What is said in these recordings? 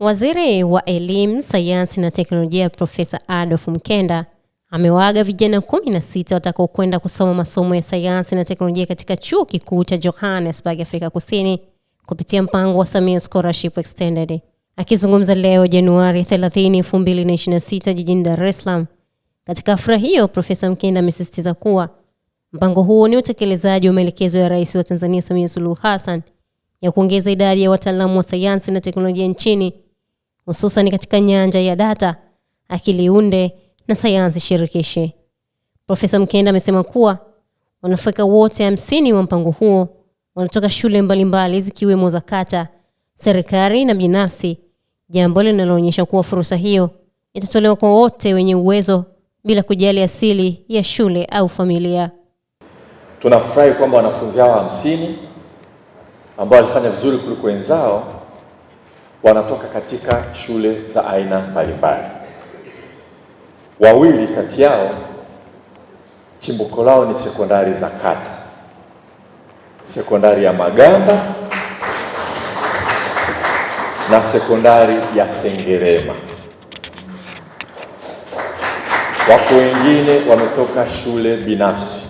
Waziri wa Elimu, Sayansi na Teknolojia Profesa Adolf Mkenda amewaaga vijana 16 watakaokwenda kusoma masomo ya sayansi na teknolojia katika Chuo Kikuu cha Johannesburg, Afrika Kusini kupitia mpango wa Samia Scholarship Extended. Akizungumza leo Januari 30, 2026 jijini Dar es Salaam, katika hafla hiyo Profesa Mkenda amesisitiza kuwa mpango huo ni utekelezaji wa maelekezo ya Rais wa Tanzania Samia Suluhu Hassan ya kuongeza idadi ya wataalamu wa sayansi na teknolojia nchini hususan katika nyanja ya data, akili unde na sayansi shirikishi. Profesa Mkenda amesema kuwa Waafrika wote hamsini wa mpango huo wanatoka shule mbalimbali zikiwemo za kata, serikali na binafsi, jambo linaloonyesha kuwa fursa hiyo itatolewa kwa wote wenye uwezo bila kujali asili ya shule au familia. Tunafurahi kwamba wanafunzi hawa hamsini ambao walifanya vizuri kuliko wenzao wanatoka katika shule za aina mbalimbali. Wawili kati yao chimbuko lao ni sekondari za kata, sekondari ya Magamba na sekondari ya Sengerema. Wako wengine wametoka shule binafsi,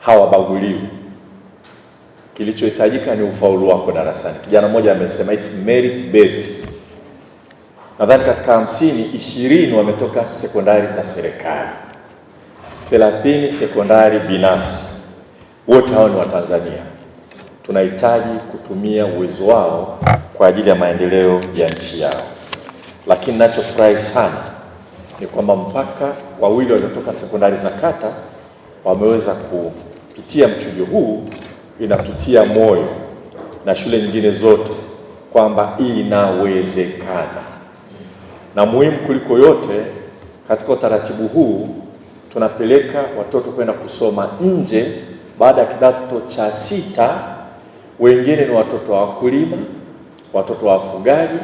hawabaguliwi. Kilichohitajika ni ufaulu wako darasani. Kijana mmoja amesema it's merit based. Nadhani katika hamsini, ishirini wametoka sekondari za serikali, thelathini sekondari binafsi. Wote hao ni Watanzania. Tunahitaji kutumia uwezo wao kwa ajili ya maendeleo ya nchi yao, lakini nachofurahi sana ni kwamba mpaka wawili waliotoka sekondari za kata wameweza kupitia mchujo huu inatutia moyo na shule nyingine zote kwamba inawezekana, na muhimu kuliko yote, katika utaratibu huu tunapeleka watoto kwenda kusoma nje baada ya kidato cha sita. Wengine ni watoto wa wakulima, watoto wa wafugaji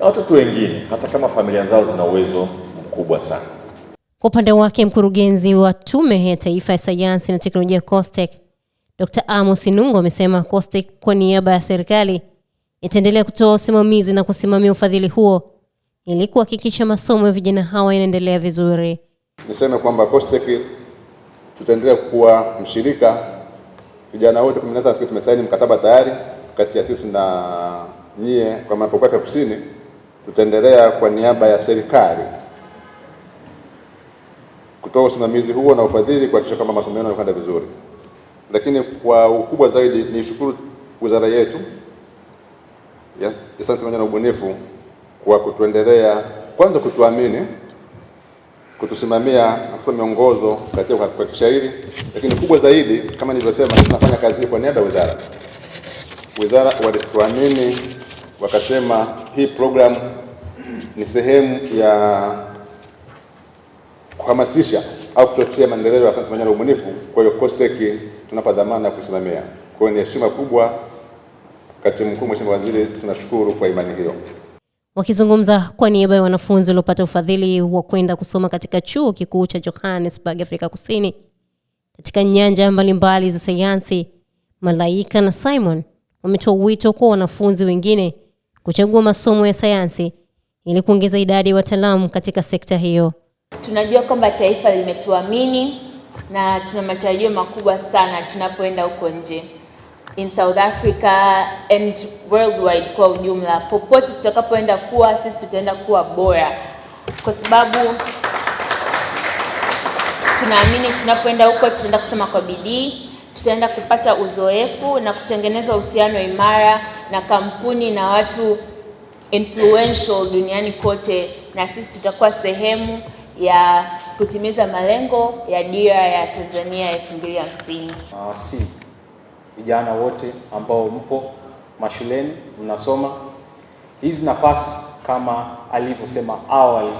na watoto wengine, hata kama familia zao zina uwezo mkubwa sana. Kwa upande wake, mkurugenzi wa Tume ya Taifa ya Sayansi na Teknolojia COSTECH dr Amos Nungu amesema COSTECH kwa niaba ya serikali itaendelea kutoa usimamizi na kusimamia ufadhili huo ili kuhakikisha masomo ya vijana hawa yanaendelea vizuri. Niseme kwamba COSTECH tutaendelea kuwa mshirika. Vijana wote kumi tumesaini mkataba tayari kati ya sisi na nyie kwa maana Kusini, tutaendelea kwa niaba ya serikali kutoa usimamizi huo na ufadhili kuhakikisha kwamba masomo yenu yanakwenda vizuri. Lakini kwa ukubwa zaidi shukuru wizara yetu ya Sayansi na Ubunifu kwa kutuendelea kwanza kutuamini, kutusimamia kwa miongozo katika kuhakikisha hili, lakini kubwa zaidi kama nilivyosema, tunafanya kazi kwa niaba ya wizara. Wizara walituamini wakasema hii programu ni sehemu ya kuhamasisha au kuchochea maendeleo ya sayansi na ubunifu. Kwa hiyo COSTECH tunapa dhamana kusimamia. Kwa hiyo ni heshima kubwa, katibu mkuu, mheshimiwa waziri, tunashukuru kwa imani hiyo. Wakizungumza kwa niaba ya wanafunzi waliopata ufadhili wa kwenda kusoma katika chuo kikuu cha Johannesburg, Afrika Kusini, katika nyanja mbalimbali za sayansi, Malaika na Simon wametoa wito kwa wanafunzi wengine kuchagua masomo ya sayansi ili kuongeza idadi ya wataalamu katika sekta hiyo. Tunajua kwamba taifa limetuamini na tuna matarajio makubwa sana tunapoenda huko nje in South Africa and worldwide kwa ujumla. Popote tutakapoenda kuwa, sisi tutaenda kuwa bora, kwa sababu tunaamini tunapoenda huko tutaenda kusema kwa bidii, tutaenda kupata uzoefu na kutengeneza uhusiano imara na kampuni na watu influential duniani kote, na sisi tutakuwa sehemu ya kutimiza malengo ya dira ya Tanzania 2050. Ah, si vijana wote ambao mpo mashuleni mnasoma hizi nafasi, kama alivyosema awali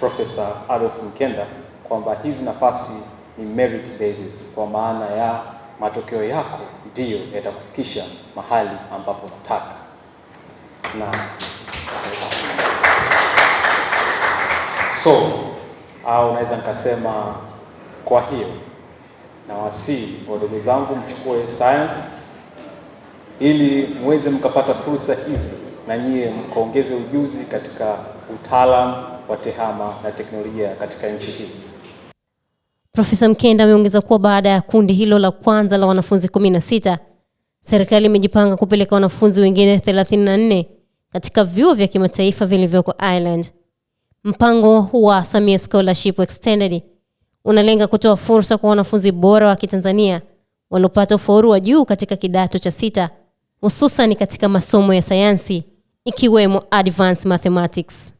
Profesa Adolf Mkenda kwamba hizi nafasi ni merit basis, kwa maana ya matokeo yako ndiyo yatakufikisha mahali ambapo unataka na so au naweza nikasema kwa hiyo na wadogo zangu mchukue science ili muweze mkapata fursa hizi na nyie mkaongeze ujuzi katika utaalam wa tehama na teknolojia katika nchi hii. Profesa Mkenda ameongeza kuwa baada ya kundi hilo la kwanza la wanafunzi 16 serikali imejipanga kupeleka wanafunzi wengine 34 katika vyuo vya kimataifa vilivyoko Ireland. Mpango wa Samia Scholarship Extended unalenga kutoa fursa kwa wanafunzi bora wa Kitanzania waliopata ufauru wa juu katika kidato cha sita hususan katika masomo ya sayansi ikiwemo advanced mathematics.